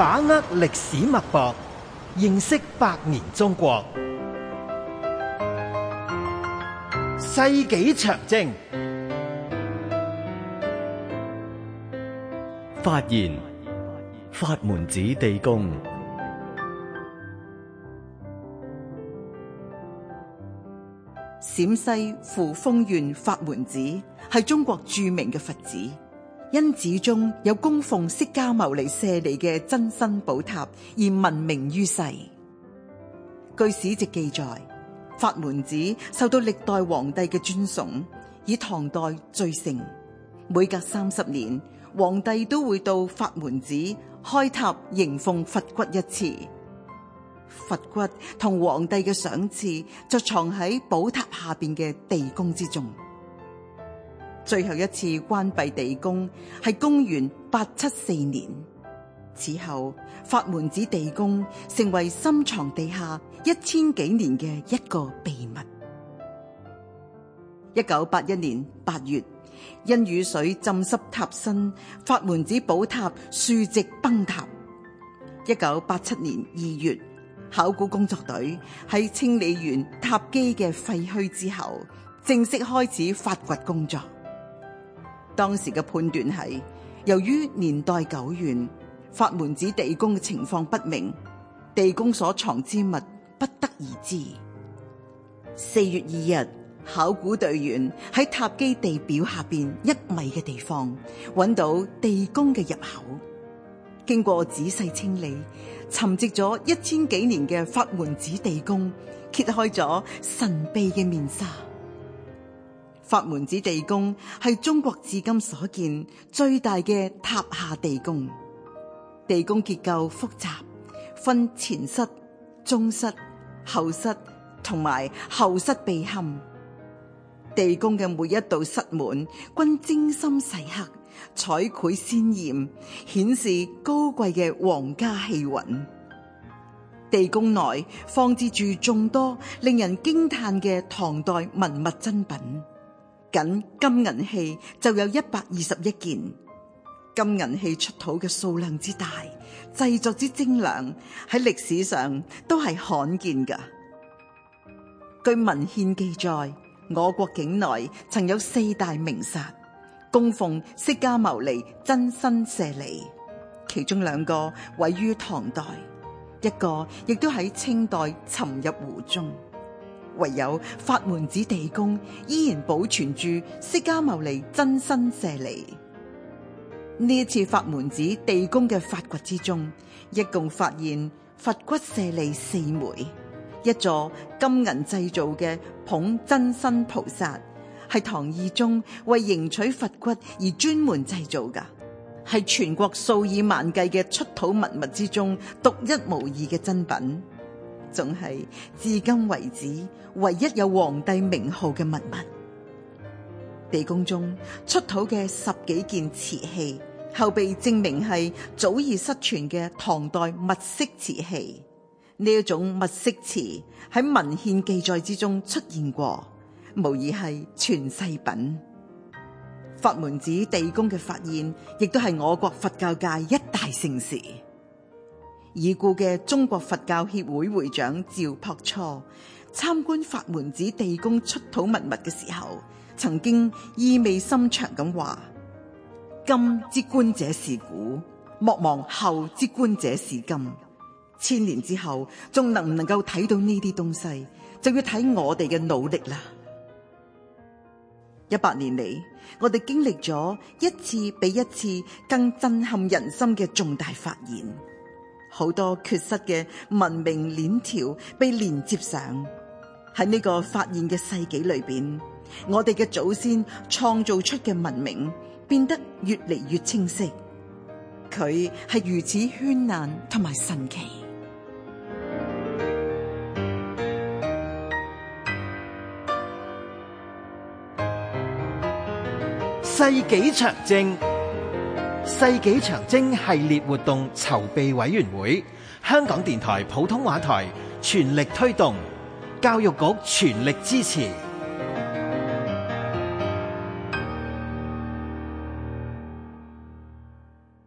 把握歷史脈搏，認識百年中國。世紀長征，發現法門寺地宮。陝西扶風縣法門寺係中國著名嘅佛寺。因寺中有供奉釋迦牟尼舍利嘅真身寶塔而聞名於世。據史籍記載，法門寺受到歷代皇帝嘅尊崇，以唐代最盛。每隔三十年，皇帝都會到法門寺開塔迎奉佛骨一次。佛骨同皇帝嘅賞賜，就藏喺寶塔下邊嘅地宮之中。最後一次關閉地宮係公元八七四年，此後法門寺地宮成為深藏地下一千幾年嘅一個秘密。一九八一年八月，因雨水浸濕塔身，法門寺寶塔豎直崩塌。一九八七年二月，考古工作隊喺清理完塔基嘅廢墟之後，正式開始發掘工作。當時嘅判斷係，由於年代久遠，法門寺地宮嘅情況不明，地宮所藏之物不得而知。四月二日，考古隊員喺塔基地表下邊一米嘅地方，搵到地宮嘅入口。經過仔細清理，沉寂咗一千幾年嘅法門寺地宮，揭開咗神秘嘅面紗。法門寺地宮係中國至今所見最大嘅塔下地宮，地宮結構複雜，分前室、中室、後室同埋後室秘龕。地宮嘅每一道室門均精心細刻，彩繪鮮艷，顯示高貴嘅皇家氣韻。地宮內放置住眾多令人驚嘆嘅唐代文物珍品。僅金銀器就有一百二十一件，金銀器出土嘅數量之大，製作之精良，喺歷史上都係罕見㗎。據文獻記載，我國境內曾有四大名剎，供奉釋迦牟尼真身舍利，其中兩個位於唐代，一個亦都喺清代沉入湖中。唯有法門寺地宮依然保存住釋迦牟尼真身舍利。呢一次法門寺地宮嘅發掘之中，一共發現佛骨舍利四枚，一座金銀製造嘅捧真身菩薩，係唐懿宗為迎取佛骨而專門製造㗎，係全國數以萬計嘅出土文物之中獨一無二嘅珍品。仲係至今為止唯一有皇帝名號嘅文物。地宮中出土嘅十幾件瓷器，後被證明係早已失傳嘅唐代秘色瓷器。呢一種秘色瓷喺文獻記載之中出現過，無疑係傳世品。法門寺地宮嘅發現，亦都係我國佛教界一大盛事。已故嘅中國佛教協會會長趙樸初參觀法門寺地宮出土文物嘅時候，曾經意味深長咁話：今之觀者是古，莫忘後之觀者是今。千年之後仲能唔能夠睇到呢啲東西，就要睇我哋嘅努力啦。一百年嚟，我哋經歷咗一次比一次更震撼人心嘅重大發現。好多缺失嘅文明鏈條被連接上，喺呢個發現嘅世紀裏邊，我哋嘅祖先創造出嘅文明變得越嚟越清晰，佢係如此絢爛同埋神奇。世紀長征。世紀長征系列活動籌備委員會，香港電台普通話台全力推動，教育局全力支持。